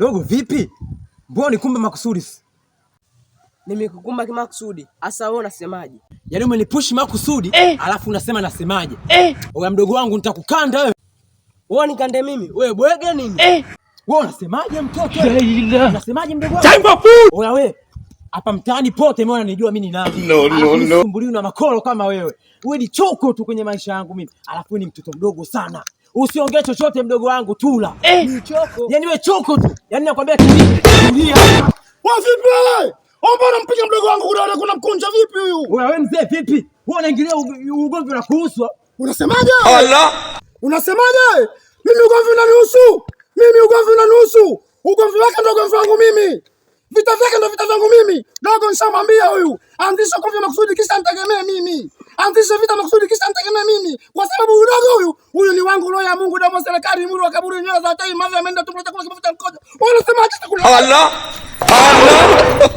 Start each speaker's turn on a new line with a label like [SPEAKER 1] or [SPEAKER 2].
[SPEAKER 1] Dogo vipi? Mbona nikumbe makusudi?
[SPEAKER 2] Nimekukumba kimakusudi. Asa wewe unasemaje?
[SPEAKER 1] Yaani umenipushi makusudi eh, alafu unasema nasemaje? Eh. Oya mdogo wangu nitakukanda wewe.
[SPEAKER 2] Wewe nikande mimi? Wewe bwege nini? Eh. Wewe unasemaje mtoto? Unasemaje mdogo wangu? Time for food. Oya wewe. Hapa mtaani pote mimi wananijua mimi ni nani.
[SPEAKER 1] No, no, no.
[SPEAKER 2] Sumbuliwi na makoro kama wewe. Wewe ni choko tu kwenye maisha yangu mimi. Alafu ni mtoto mdogo sana. Usiongee chochote mdogo wangu, tula.
[SPEAKER 1] eh. Ni choko.
[SPEAKER 2] Yaani we choko tu. Yaani nakwambia tulia.
[SPEAKER 1] Wapi wewe? Omba unampiga mdogo wangu kuna kuna mkunja vipi huyu?
[SPEAKER 2] Wewe mzee vipi? Wewe unaingilia ugomvi na kuhusu.
[SPEAKER 1] Unasemaje? Allah. Unasemaje? Mimi ugomvi nusu, Mimi ugomvi nusu, Ugomvi wake ndio ugomvi wangu mimi. Vita vyake ndio vita vyangu mimi. Dogo nishamwambia huyu. Anzisha ugomvi makusudi kisha nitegemee mimi. Anzisha vita makusudi kisha nitegemee mimi. Kwa sababu udogo huyu wangu roho ya Mungu damu serikali muri wa kaburi nyoza za tai mavi ameenda tumleta kwa kibavu cha wewe Unasema acha kula. Allah. Allah.